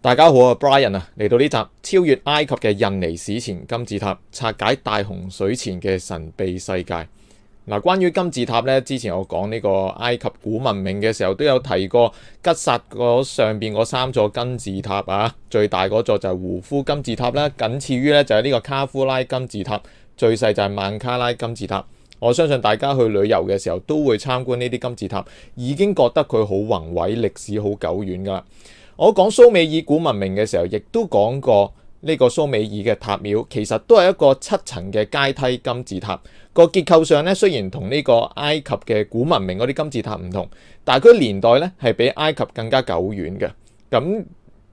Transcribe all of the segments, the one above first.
大家好啊，Brian 啊，嚟到呢集超越埃及嘅印尼史前金字塔拆解大洪水前嘅神秘世界。嗱，啊，關於金字塔呢，之前我講呢個埃及古文明嘅時候都有提過，吉薩嗰上邊嗰三座金字塔啊，最大嗰座就係胡夫金字塔啦，僅次於呢就係呢個卡夫拉金字塔，最細就係曼卡拉金字塔。我相信大家去旅遊嘅時候都會參觀呢啲金字塔，已經覺得佢好宏偉，歷史好久遠噶啦。我講蘇美爾古文明嘅時候，亦都講過呢個蘇美爾嘅塔廟，其實都係一個七層嘅階梯金字塔。個結構上咧，雖然同呢個埃及嘅古文明嗰啲金字塔唔同，但係佢年代咧係比埃及更加久遠嘅。咁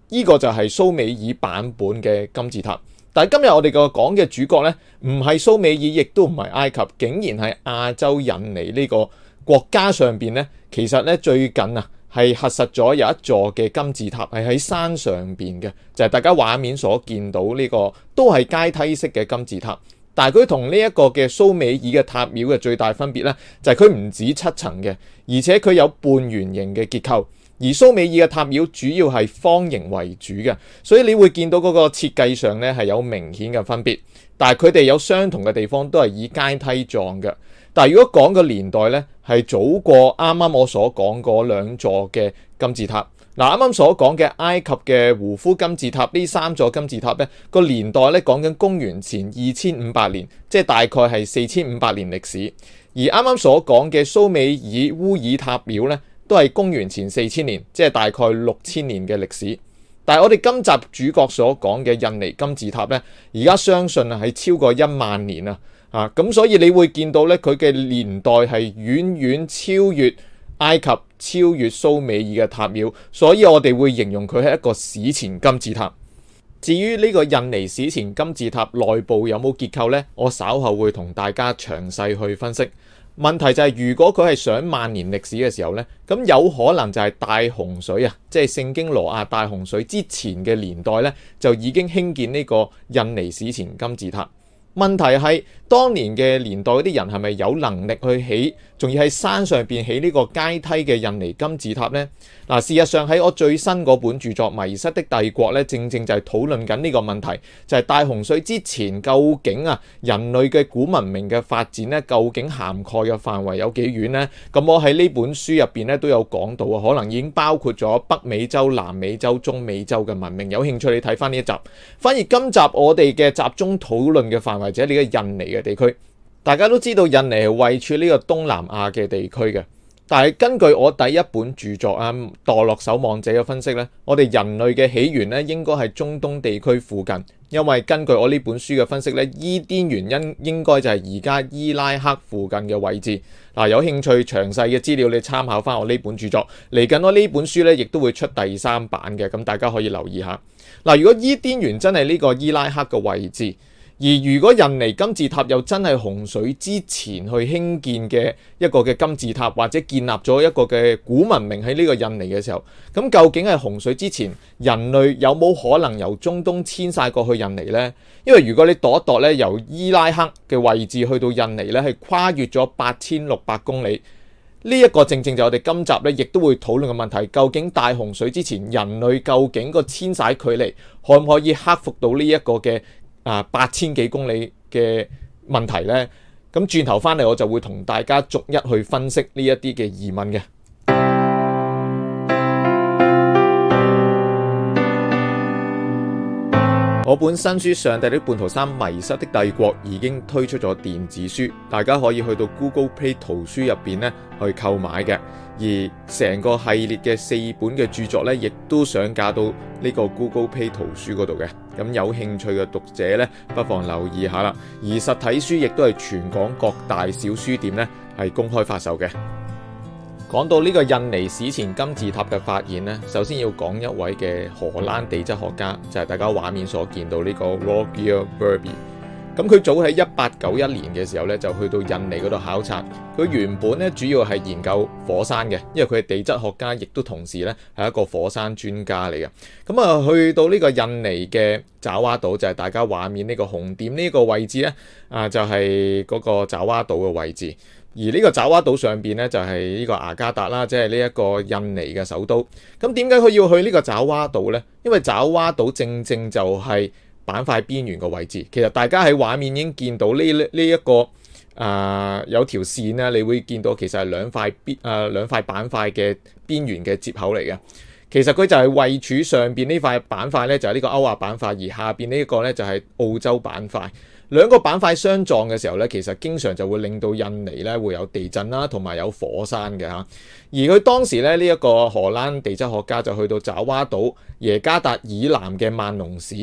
呢個就係蘇美爾版本嘅金字塔。但係今日我哋個講嘅主角咧，唔係蘇美爾，亦都唔係埃及，竟然係亞洲印尼呢個國家上邊咧，其實咧最近啊。係核實咗有一座嘅金字塔係喺山上邊嘅，就係大家畫面所見到呢個都係階梯式嘅金字塔。但係佢同呢一個嘅蘇美爾嘅塔廟嘅最大分別呢，就係佢唔止七層嘅，而且佢有半圓形嘅結構，而蘇美爾嘅塔廟主要係方形為主嘅，所以你會見到嗰個設計上呢係有明顯嘅分別。但係佢哋有相同嘅地方都係以階梯狀嘅。但如果講個年代呢，係早過啱啱我所講嗰兩座嘅金字塔。嗱，啱啱所講嘅埃及嘅胡夫金字塔呢，三座金字塔呢個年代呢，講緊公元前二千五百年，即係大概係四千五百年歷史。而啱啱所講嘅蘇美爾烏爾塔廟呢，都係公元前四千年，即係大概六千年嘅歷史。但係我哋今集主角所講嘅印尼金字塔呢，而家相信啊係超過一萬年啊！啊，咁所以你會見到咧，佢嘅年代係遠遠超越埃及、超越蘇美爾嘅塔廟，所以我哋會形容佢係一個史前金字塔。至於呢個印尼史前金字塔內部有冇結構呢？我稍後會同大家詳細去分析。問題就係如果佢係上萬年歷史嘅時候呢，咁有可能就係大洪水啊，即係聖經挪亞大洪水之前嘅年代呢，就已經興建呢個印尼史前金字塔。問題係當年嘅年代啲人係咪有能力去起，仲要喺山上邊起呢個階梯嘅印尼金字塔呢？嗱，事實上喺我最新嗰本著作《迷失的帝國》咧，正正就係討論緊呢個問題，就係大洪水之前究竟啊人類嘅古文明嘅發展呢，究竟涵蓋嘅範圍有幾遠呢？咁我喺呢本書入邊呢，都有講到啊，可能已經包括咗北美洲、南美洲、中美洲嘅文明。有興趣你睇翻呢一集。反而今集我哋嘅集中討論嘅範圍。或者呢個印尼嘅地區，大家都知道印尼係位處呢個東南亞嘅地區嘅。但係根據我第一本著作《啊墮落守望者》嘅分析呢，我哋人類嘅起源咧，應該係中東地區附近，因為根據我呢本書嘅分析呢，伊甸園因應該就係而家伊拉克附近嘅位置。嗱，有興趣詳細嘅資料，你參考翻我呢本著作。嚟緊我呢本書呢，亦都會出第三版嘅，咁大家可以留意下。嗱，如果伊甸園真係呢個伊拉克嘅位置。而如果印尼金字塔又真係洪水之前去興建嘅一個嘅金字塔，或者建立咗一個嘅古文明喺呢個印尼嘅時候，咁究竟係洪水之前人類有冇可能由中東遷徙過去印尼咧？因為如果你度一度咧，由伊拉克嘅位置去到印尼咧，係跨越咗八千六百公里，呢一個正正就我哋今集咧亦都會討論嘅問題，究竟大洪水之前人類究竟個遷徙距離可唔可以克服到呢一個嘅？啊，八千幾公里嘅問題呢，咁轉頭返嚟，我就會同大家逐一去分析呢一啲嘅疑問嘅。我本新書《上帝的叛徒三：迷失的帝國》已經推出咗電子書，大家可以去到 Google Play 圖書入邊咧去購買嘅。而成個系列嘅四本嘅著作咧，亦都上架到呢個 Google Play 圖書嗰度嘅。咁有興趣嘅讀者咧，不妨留意下啦。而實體書亦都係全港各大小書店咧係公開發售嘅。講到呢個印尼史前金字塔嘅發現呢，首先要講一位嘅荷蘭地質學家，就係大家畫面所見到呢個 Roger Verbeek。咁佢早喺一八九一年嘅時候呢，就去到印尼嗰度考察。佢原本呢主要係研究火山嘅，因為佢係地質學家，亦都同時呢係一個火山專家嚟嘅。咁啊，去到呢個印尼嘅爪哇島，就係大家畫面呢個紅點呢個位置呢，啊就係嗰個爪哇島嘅位置。而呢個爪哇島上邊呢，就係、是、呢個雅加達啦，即係呢一個印尼嘅首都。咁點解佢要去呢個爪哇島呢？因為爪哇島正正就係板塊邊緣嘅位置。其實大家喺畫面已經見到呢呢一個啊、呃、有條線啦，你會見到其實係兩塊邊啊、呃、兩塊板塊嘅邊緣嘅接口嚟嘅。其實佢就係位處上邊呢塊板塊呢，就係、是、呢個歐亞板塊，而下邊呢一個呢，就係、是、澳洲板塊。兩個板塊相撞嘅時候呢，其實經常就會令到印尼呢會有地震啦，同埋有，有火山嘅嚇。而佢當時呢，呢、呢、一個荷蘭地質學家就去到爪哇島耶加達以南嘅萬隆市，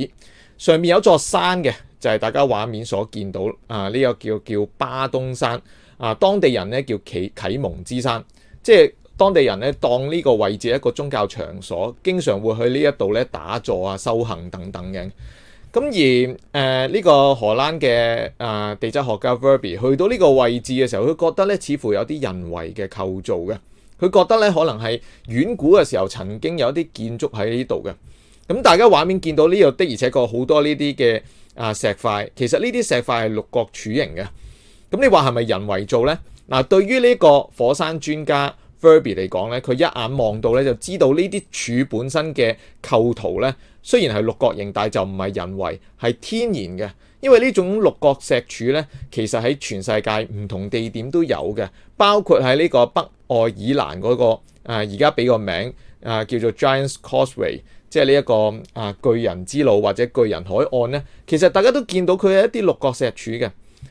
上面有座山嘅，就係、係、大家畫面所見到啊，呢、呢個叫叫巴東山啊，當地人呢叫啟啟蒙之山，即係當地人呢當呢個位置一個宗教場所，經常會去呢一度呢打坐啊、修行等等嘅。咁而誒呢、呃這個荷蘭嘅啊地質學家 Verbi 去到呢個位置嘅時候，佢覺得呢似乎有啲人為嘅構造嘅，佢覺得呢可能係遠古嘅時候曾經有一啲建築喺呢度嘅。咁大家畫面見到呢、這、度、個、的，的而且確好多呢啲嘅啊石塊，其實呢啲石塊係六角柱形嘅。咁你話係咪人為造呢？嗱、呃，對於呢個火山專家 Verbi 嚟講咧，佢一眼望到咧就知道呢啲柱本身嘅構圖咧，雖然係六角形，但係就唔係人為，係天然嘅。因為呢種六角石柱咧，其實喺全世界唔同地點都有嘅，包括喺呢個北愛爾蘭嗰個啊，而家俾個名啊、呃、叫做 Giant's Causeway，即係呢一個啊、呃、巨人之路或者巨人海岸咧。其實大家都見到佢係一啲六角石柱嘅。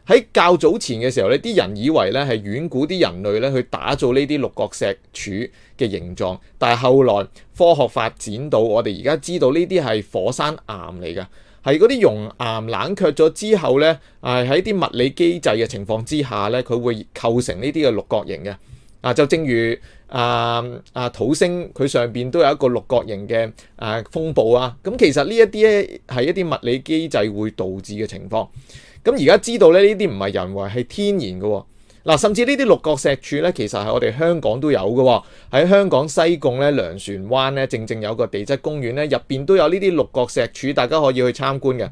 喺較早前嘅時候，呢啲人以為呢係遠古啲人類呢去打造呢啲六角石柱嘅形狀，但係後來科學發展到我哋而家知道呢啲係火山岩嚟㗎，係嗰啲熔岩冷卻咗之後呢，係喺啲物理機制嘅情況之下呢，佢會構成呢啲嘅六角形嘅。啊，就正如啊啊土星佢上邊都有一個六角形嘅啊風暴啊，咁其實呢一啲咧係一啲物理機制會導致嘅情況。咁而家知道咧，呢啲唔係人為，係天然嘅喎。嗱，甚至呢啲六角石柱呢，其實係我哋香港都有嘅喎、哦。喺香港西貢呢，糧船灣呢，正正有個地質公園呢，入邊都有呢啲六角石柱，大家可以去參觀嘅。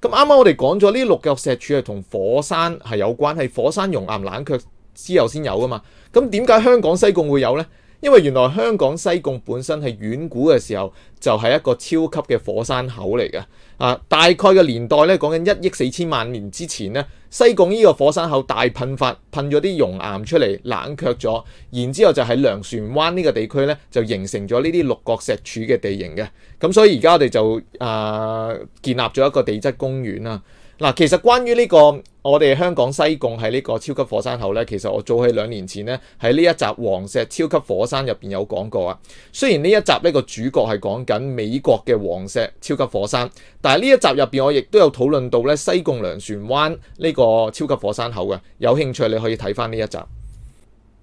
咁啱啱我哋講咗呢六角石柱係同火山係有關，係火山熔岩冷卻之後先有㗎嘛。咁點解香港西貢會有呢？因為原來香港西貢本身係遠古嘅時候就係、是、一個超級嘅火山口嚟嘅。啊大概嘅年代咧講緊一億四千萬年之前咧，西貢呢個火山口大噴發，噴咗啲熔岩出嚟，冷卻咗，然之後就喺糧船灣呢個地區咧就形成咗呢啲六角石柱嘅地形嘅，咁所以而家我哋就啊、呃、建立咗一個地質公園啦。嗱，其實關於呢個我哋香港西貢喺呢個超級火山口呢，其實我早喺兩年前呢，喺呢一集黃石超級火山入邊有講過啊。雖然呢一集呢個主角係講緊美國嘅黃石超級火山，但係呢一集入邊我亦都有討論到呢西貢糧船灣呢個超級火山口嘅。有興趣你可以睇翻呢一集。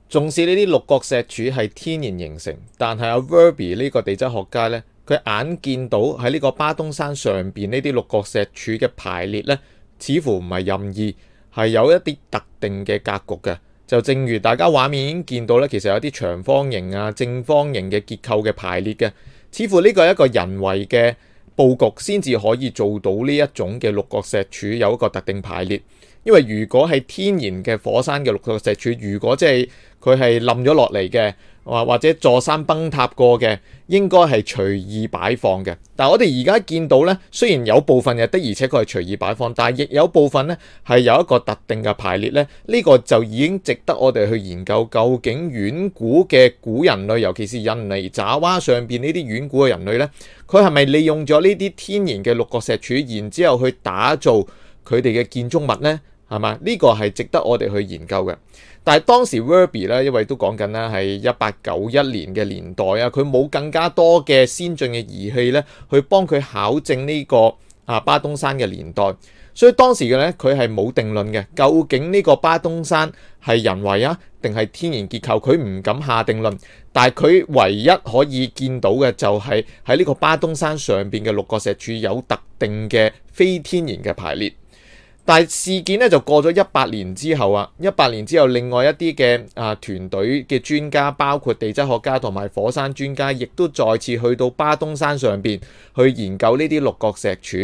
縱使呢啲六角石柱係天然形成，但係阿 Verbi 呢個地質學家呢。佢眼見到喺呢個巴東山上邊呢啲六角石柱嘅排列呢，似乎唔係任意，係有一啲特定嘅格局嘅。就正如大家畫面已經見到呢，其實有啲長方形啊、正方形嘅結構嘅排列嘅，似乎呢個係一個人為嘅佈局先至可以做到呢一種嘅六角石柱有一個特定排列。因為如果係天然嘅火山嘅六角石柱，如果即係佢係冧咗落嚟嘅。或者座山崩塌過嘅，應該係隨意擺放嘅。但我哋而家見到呢，雖然有部分嘅，的確係隨意擺放，但係亦有部分呢係有一個特定嘅排列咧。呢個就已經值得我哋去研究。究竟遠古嘅古人類，尤其是印尼爪哇上邊呢啲遠古嘅人類呢，佢係咪利用咗呢啲天然嘅六角石柱，然之後去打造佢哋嘅建築物呢？係嘛？呢個係值得我哋去研究嘅。但係當時 Verbi 咧，因為都講緊咧係一八九一年嘅年代啊，佢冇更加多嘅先進嘅儀器咧，去幫佢考證呢個啊巴東山嘅年代。所以當時嘅咧，佢係冇定論嘅。究竟呢個巴東山係人為啊，定係天然結構？佢唔敢下定論。但係佢唯一可以見到嘅就係喺呢個巴東山上邊嘅六個石柱有特定嘅非天然嘅排列。但事件咧就過咗一百年之後啊，一百年之後，之後另外一啲嘅啊團隊嘅專家，包括地質學家同埋火山專家，亦都再次去到巴東山上邊去研究呢啲六角石柱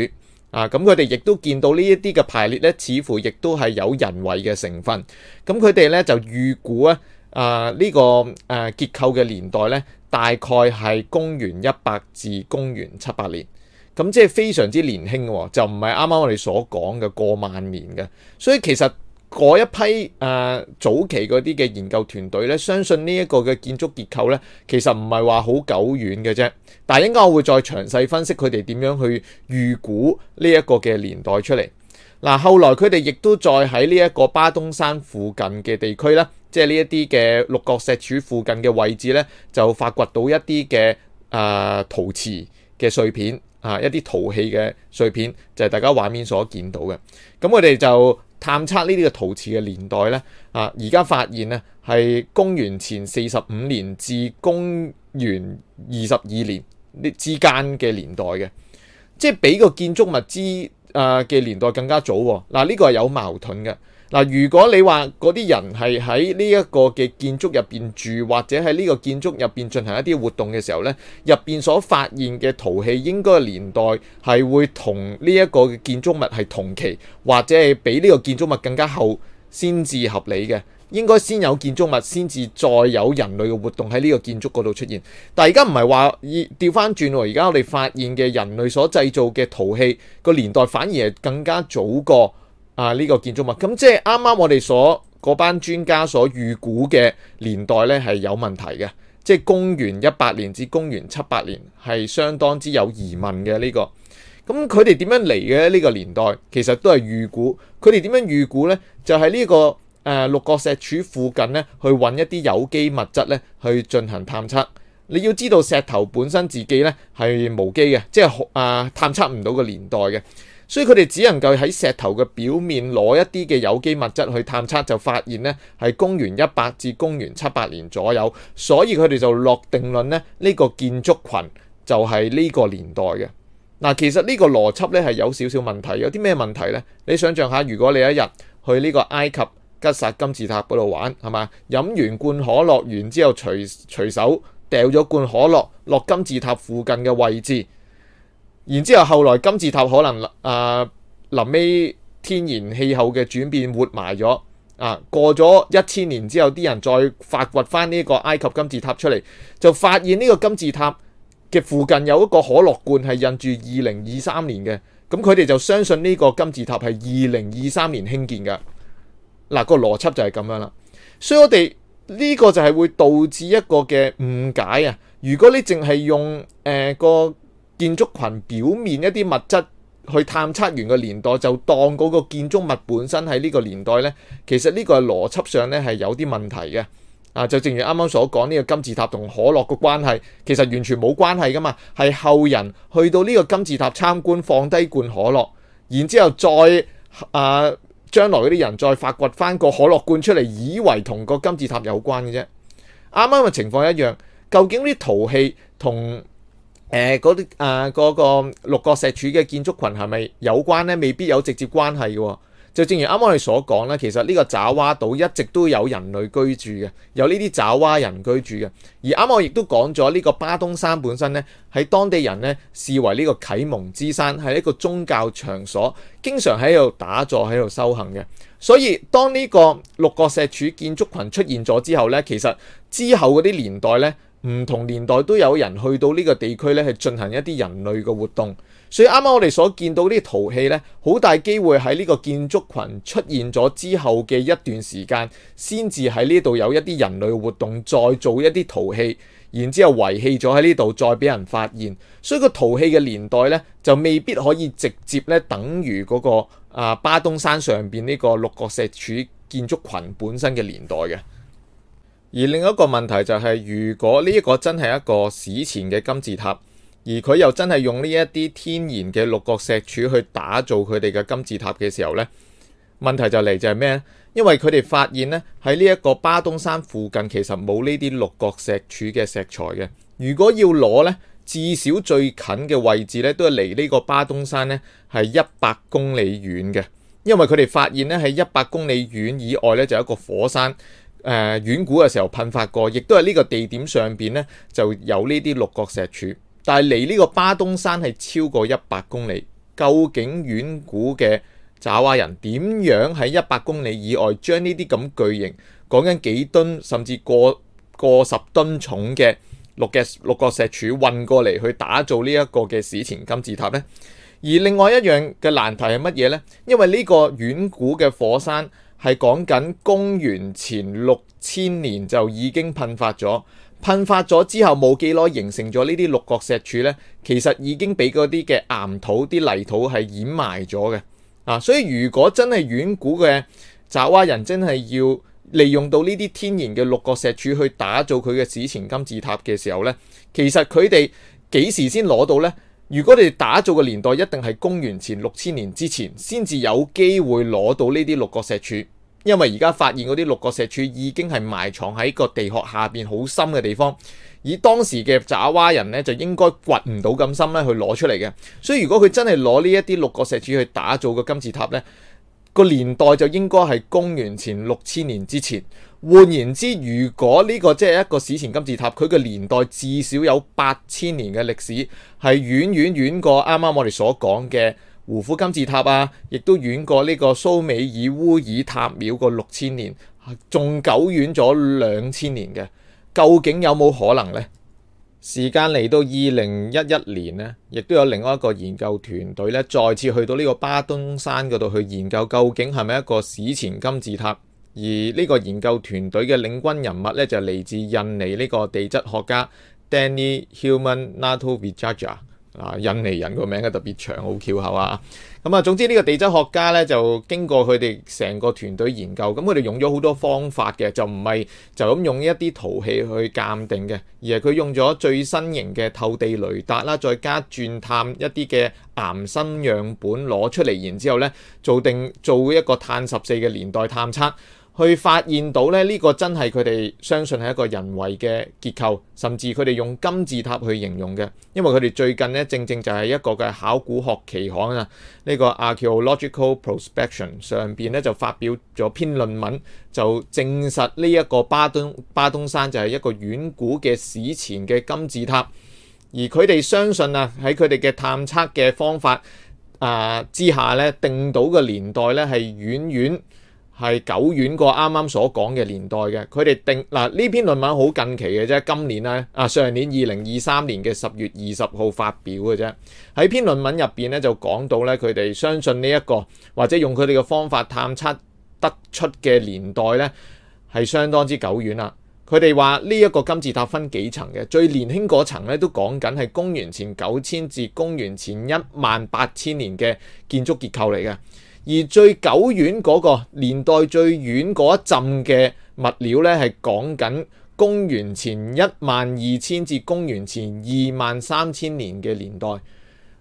啊。咁佢哋亦都見到呢一啲嘅排列咧，似乎亦都係有人為嘅成分。咁佢哋咧就預估啊、呢個、啊呢個誒結構嘅年代咧，大概係公元一百至公元七百年。咁即係非常之年輕喎，就唔係啱啱我哋所講嘅過萬年嘅，所以其實嗰一批誒、呃、早期嗰啲嘅研究團隊呢，相信呢一個嘅建築結構呢，其實唔係話好久遠嘅啫。但係應該我會再詳細分析佢哋點樣去預估呢一個嘅年代出嚟。嗱、呃，後來佢哋亦都再喺呢一個巴東山附近嘅地區呢，即係呢一啲嘅六角石柱附近嘅位置呢，就發掘到一啲嘅誒陶瓷嘅碎片啊，一啲陶器嘅碎片就係大家畫面所見到嘅。咁我哋就探測呢啲嘅陶瓷嘅年代咧，啊，而家發現咧係公元前四十五年至公元二十二年呢之間嘅年代嘅，即係比個建築物之啊嘅年代更加早。嗱，呢個係有矛盾嘅。嗱，如果你話嗰啲人係喺呢一個嘅建築入邊住，或者喺呢個建築入邊進行一啲活動嘅時候呢，入邊所發現嘅陶器應該年代係會同呢一個嘅建築物係同期，或者係比呢個建築物更加後先至合理嘅。應該先有建築物，先至再有人類嘅活動喺呢個建築嗰度出現。但而家唔係話調翻轉喎，而家我哋發現嘅人類所製造嘅陶器個年代反而係更加早過。啊！呢、這個建築物咁、嗯、即係啱啱我哋所嗰班專家所預估嘅年代呢係有問題嘅，即係公元一百年至公元七八年係相當之有疑問嘅呢、這個。咁佢哋點樣嚟嘅呢、這個年代？其實都係預估。佢哋點樣預估呢？就喺、是、呢、這個誒、呃、六角石柱附近呢，去揾一啲有機物質呢去進行探測。你要知道，石頭本身自己呢係無機嘅，即係啊、呃，探測唔到個年代嘅。所以佢哋只能夠喺石頭嘅表面攞一啲嘅有機物質去探測，就發現呢係公元一百至公元七百年左右，所以佢哋就落定論呢呢個建築群就係呢個年代嘅。嗱，其實呢個邏輯呢係有少少問題，有啲咩問題呢？你想象下，如果你一日去呢個埃及吉薩金字塔嗰度玩，係嘛？飲完罐可樂完之後，隨隨手掉咗罐可樂落金字塔附近嘅位置。然之後，後來金字塔可能啊呃、臨尾天然氣候嘅轉變活埋咗啊！過咗一千年之後，啲人再發掘翻呢個埃及金字塔出嚟，就發現呢個金字塔嘅附近有一個可樂罐係印住二零二三年嘅，咁佢哋就相信呢個金字塔係二零二三年興建嘅。嗱、啊那個邏輯就係咁樣啦，所以我哋呢、這個就係會導致一個嘅誤解啊！如果你淨係用誒、呃、個。建築群表面一啲物質去探測完嘅年代，就當嗰個建築物本身喺呢個年代呢。其實呢個係邏輯上呢係有啲問題嘅。啊，就正如啱啱所講，呢個金字塔同可樂嘅關係，其實完全冇關係噶嘛，係後人去到呢個金字塔參觀，放低罐可樂，然之後再啊將來嗰啲人再發掘翻個可樂罐出嚟，以為同個金字塔有關嘅啫。啱啱嘅情況一樣，究竟啲陶器同誒啲啊嗰個六角石柱嘅建築群係咪有關呢？未必有直接關係嘅哦。就正如啱啱我哋所講啦，其實呢個爪哇島一直都有人類居住嘅，有呢啲爪哇人居住嘅。而啱啱我亦都講咗呢個巴東山本身呢，喺當地人呢視為呢個啟蒙之山，係一個宗教場所，經常喺度打坐喺度修行嘅。所以當呢個六角石柱建築群出現咗之後呢，其實之後嗰啲年代呢。唔同年代都有人去到呢個地區咧，去進行一啲人類嘅活動。所以啱啱我哋所見到啲陶器呢，好大機會喺呢個建築群出現咗之後嘅一段時間，先至喺呢度有一啲人類活動，再做一啲陶器，然之後遺棄咗喺呢度，再俾人發現。所以個陶器嘅年代呢，就未必可以直接咧等於嗰個啊巴東山上邊呢個六角石柱建築群本身嘅年代嘅。而另一個問題就係，如果呢一個真係一個史前嘅金字塔，而佢又真係用呢一啲天然嘅六角石柱去打造佢哋嘅金字塔嘅時候呢，問題就嚟就係咩咧？因為佢哋發現呢喺呢一個巴東山附近其實冇呢啲六角石柱嘅石材嘅。如果要攞呢，至少最近嘅位置呢都係離呢個巴東山呢係一百公里遠嘅，因為佢哋發現呢喺一百公里遠以外呢，就有一個火山。誒、呃、遠古嘅時候噴發過，亦都係呢個地點上邊呢，就有呢啲六角石柱，但係離呢個巴東山係超過一百公里。究竟遠古嘅爪哇人點樣喺一百公里以外將呢啲咁巨型，講緊幾噸甚至過過十噸重嘅六嘅六角石柱運過嚟去打造呢一個嘅史前金字塔呢？而另外一樣嘅難題係乜嘢呢？因為呢個遠古嘅火山。係講緊公元前六千年就已經噴發咗，噴發咗之後冇幾耐形成咗呢啲六角石柱呢，其實已經俾嗰啲嘅岩土、啲泥土係掩埋咗嘅。啊，所以如果真係遠古嘅爪哇人真係要利用到呢啲天然嘅六角石柱去打造佢嘅史前金字塔嘅時候呢，其實佢哋幾時先攞到呢？如果你哋打造嘅年代一定係公元前六千年之前，先至有機會攞到呢啲六角石柱。因為而家發現嗰啲六角石柱已經係埋藏喺個地殼下面好深嘅地方，而當時嘅爪哇人呢，就應該掘唔到咁深咧去攞出嚟嘅，所以如果佢真係攞呢一啲六角石柱去打造個金字塔呢，個年代就應該係公元前六千年之前。換言之，如果呢個即係一個史前金字塔，佢嘅年代至少有八千年嘅歷史，係遠遠遠過啱啱我哋所講嘅。胡夫金字塔啊，亦都遠過呢個蘇美爾烏爾塔廟個六千年，仲久遠咗兩千年嘅。究竟有冇可能呢？時間嚟到二零一一年呢，亦都有另外一個研究團隊咧，再次去到呢個巴東山嗰度去研究，究竟係咪一個史前金字塔？而呢個研究團隊嘅領軍人物咧，就嚟自印尼呢個地質學家 Danny Human Nato Vijaja 印尼人個名咧特別長，好翹口啊！咁啊，總之呢個地質學家呢，就經過佢哋成個團隊研究，咁佢哋用咗好多方法嘅，就唔係就咁用一啲陶器去鑑定嘅，而係佢用咗最新型嘅透地雷達啦，再加鑽探一啲嘅岩心樣本攞出嚟，然之後呢，做定做一個碳十四嘅年代探測。去發現到咧呢個真係佢哋相信係一個人為嘅結構，甚至佢哋用金字塔去形容嘅，因為佢哋最近呢，正正就係一個嘅考古學期刊啊，呢個 Archaeological Prospection 上邊咧就發表咗篇論文，就證實呢一個巴東巴東山就係一個遠古嘅史前嘅金字塔，而佢哋相信啊喺佢哋嘅探測嘅方法啊之下呢，定到嘅年代呢係遠遠，係久遠過啱啱所講嘅年代嘅，佢哋定嗱呢、啊、篇論文好近期嘅啫，今年咧啊上年二零二三年嘅十月二十號發表嘅啫。喺篇論文入邊咧就講到咧，佢哋相信呢、這、一個或者用佢哋嘅方法探測得出嘅年代咧係相當之久遠啦。佢哋話呢一個金字塔分幾層嘅，最年輕嗰層咧都講緊係公元前九千至公元前一萬八千年嘅建築結構嚟嘅。而最久遠嗰、那個年代最遠嗰一陣嘅物料呢，係講緊公元前一萬二千至公元前二萬三千年嘅年代。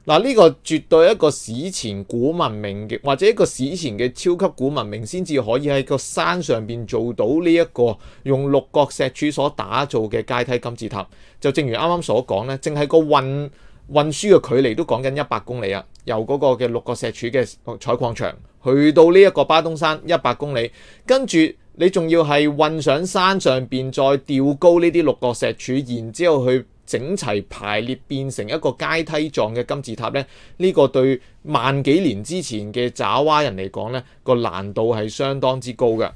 嗱，呢個絕對一個史前古文明嘅，或者一個史前嘅超級古文明先至可以喺個山上邊做到呢、這、一個用六角石柱所打造嘅階梯金字塔。就正如啱啱所講呢，正係個運。運輸嘅距離都講緊一百公里啊，由嗰個嘅六角石柱嘅採礦場去到呢一個巴東山一百公里，跟住你仲要係運上山上邊再吊高呢啲六角石柱，然之後去整齊排列變成一個階梯狀嘅金字塔咧，呢、呢個對萬幾年之前嘅爪哇人嚟講咧，呢個難度係相當之高嘅。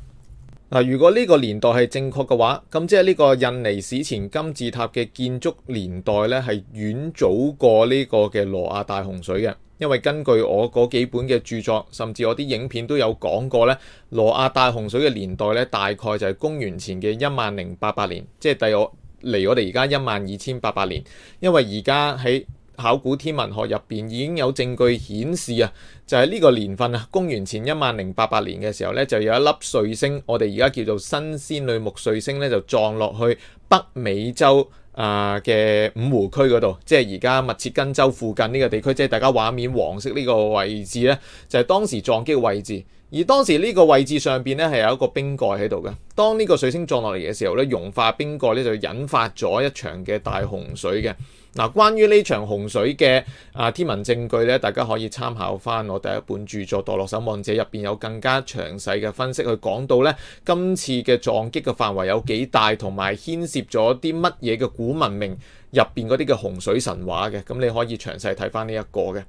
嗱，如果呢個年代係正確嘅話，咁即係呢個印尼史前金字塔嘅建築年代呢，係遠早過呢個嘅挪亞大洪水嘅。因為根據我嗰幾本嘅著作，甚至我啲影片都有講過呢，挪亞大洪水嘅年代呢，大概就係公元前嘅一萬零八百年，即係第我離我哋而家一萬二千八百年。因為而家喺考古天文學入邊已經有證據顯示啊，就喺、是、呢個年份啊，公元前一萬零八百年嘅時候呢，就有一粒彗星，我哋而家叫做新仙女木彗星呢，就撞落去北美洲啊嘅、呃、五湖區嗰度，即係而家密切根州附近呢個地區，即係大家畫面黃色呢個位置呢，就係、是、當時撞擊嘅位置。而當時呢個位置上邊呢，係有一個冰蓋喺度嘅，當呢個彗星撞落嚟嘅時候呢，融化冰蓋呢，就引發咗一場嘅大洪水嘅。嗱，關於呢場洪水嘅啊天文證據呢，大家可以參考翻我第一本著作《墮落守望者》入邊有更加詳細嘅分析，去講到呢，今次嘅撞擊嘅範圍有幾大，同埋牽涉咗啲乜嘢嘅古文明入邊嗰啲嘅洪水神話嘅，咁你可以詳細睇翻呢一個嘅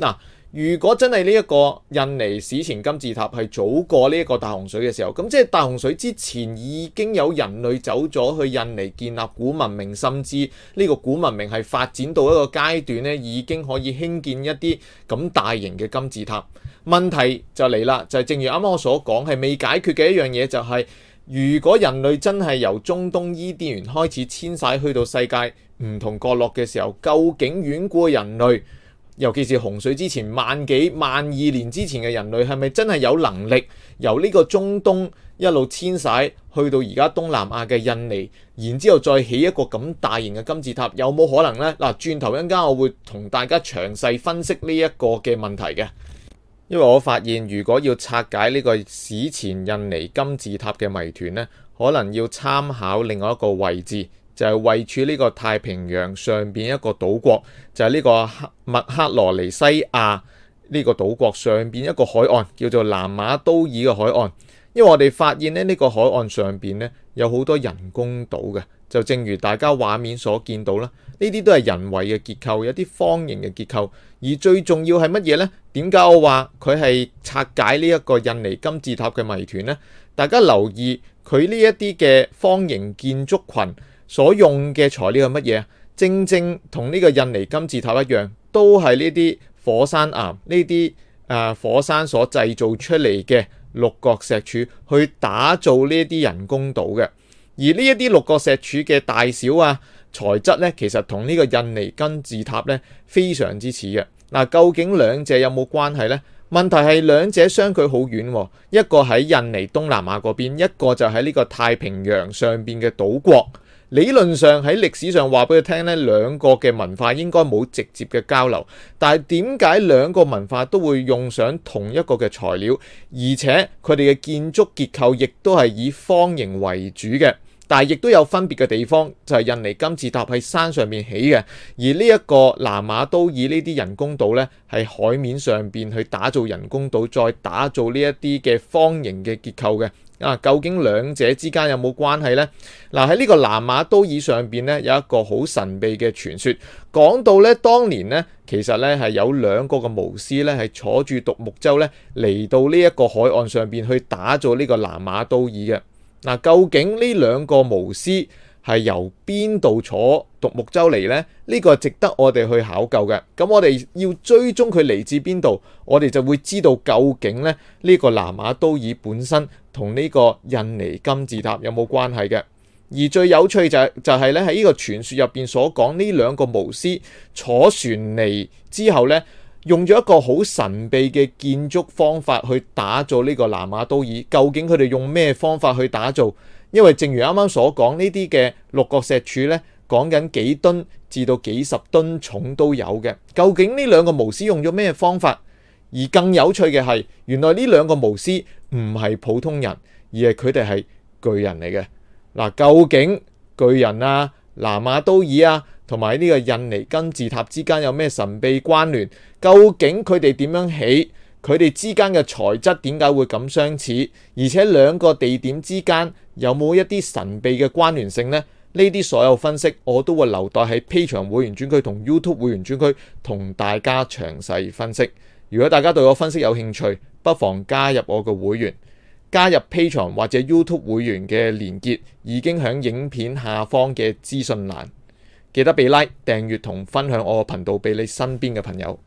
嗱。如果真係呢一個印尼史前金字塔係早過呢一個大洪水嘅時候，咁即係大洪水之前已經有人類走咗去印尼建立古文明，甚至呢個古文明係發展到一個階段呢，已經可以興建一啲咁大型嘅金字塔。問題就嚟啦，就係、是、正如啱啱我所講，係未解決嘅一樣嘢就係、是，如果人類真係由中東伊甸園開始遷徙去到世界唔同角落嘅時候，究竟遠過人類？尤其是洪水之前，萬幾萬二年之前嘅人類係咪真係有能力由呢個中東一路遷徙去到而家東南亞嘅印尼，然之後再起一個咁大型嘅金字塔，有冇可能呢？嗱，轉頭一陣間，我會同大家詳細分析呢一個嘅問題嘅，因為我發現如果要拆解呢個史前印尼金字塔嘅謎團呢，可能要參考另外一個位置。就係位處呢個太平洋上邊一個島國，就係、是、呢個密克羅尼西亞呢個島國上邊一個海岸叫做南馬都爾嘅海岸。因為我哋發現呢，呢、呢個海岸上邊呢，有好多人工島嘅，就正如大家畫面所見到啦。呢啲都係人為嘅結構，有啲方形嘅結構。而最重要係乜嘢呢？點解我話佢係拆解呢一個印尼金字塔嘅謎團呢？大家留意佢呢一啲嘅方形建築群。所用嘅材料係乜嘢啊？正正同呢個印尼金字塔一樣，都係呢啲火山岩，呢啲誒火山所製造出嚟嘅六角石柱去打造呢啲人工島嘅。而呢一啲六角石柱嘅大小啊，材質呢，其實同呢個印尼金字塔呢非常之似嘅。嗱、啊，究竟兩者有冇關係呢？問題係兩者相距好遠、哦，一個喺印尼東南亞嗰邊，一個就喺呢個太平洋上邊嘅島國。理論上喺歷史上話俾佢聽咧，兩個嘅文化應該冇直接嘅交流，但係點解兩個文化都會用上同一個嘅材料，而且佢哋嘅建築結構亦都係以方形為主嘅，但係亦都有分別嘅地方，就係、是、印尼金字塔喺山上面起嘅，而呢一個南馬都爾呢啲人工島呢，喺海面上邊去打造人工島，再打造呢一啲嘅方形嘅結構嘅。啊！究竟兩者之間有冇關係呢？嗱、啊，喺呢個南馬都爾上邊呢，有一個好神秘嘅傳說，講到呢當年呢，其實呢係有兩個嘅巫師呢係坐住獨木舟呢嚟到呢一個海岸上邊去打造呢個南馬都爾嘅。嗱、啊，究竟呢兩個巫師係由邊度坐獨木舟嚟呢？呢、這個值得我哋去考究嘅。咁我哋要追蹤佢嚟自邊度，我哋就會知道究竟呢，呢、這個南馬都爾本身。同呢個印尼金字塔有冇關係嘅？而最有趣就係就係咧，喺呢個傳說入邊所講，呢兩個巫師坐船嚟之後呢，用咗一個好神秘嘅建築方法去打造呢個南馬都爾。究竟佢哋用咩方法去打造？因為正如啱啱所講，呢啲嘅六角石柱呢，講緊幾噸至到幾十噸重都有嘅。究竟呢兩個巫師用咗咩方法？而更有趣嘅係，原來呢兩個巫師。唔係普通人，而係佢哋係巨人嚟嘅。嗱、啊，究竟巨人啊、南馬都爾啊，同埋呢個印尼金字塔之間有咩神秘關聯？究竟佢哋點樣起？佢哋之間嘅材質點解會咁相似？而且兩個地點之間有冇一啲神秘嘅關聯性呢？呢啲所有分析我都會留待喺 Pay 牆會員轉區同 YouTube 會員轉區同大家詳細分析。如果大家對我分析有興趣，不妨加入我嘅會員。加入 Patreon 或者 YouTube 會員嘅連結已經喺影片下方嘅資訊欄。記得俾 like 訂閱同分享我嘅頻道俾你身邊嘅朋友。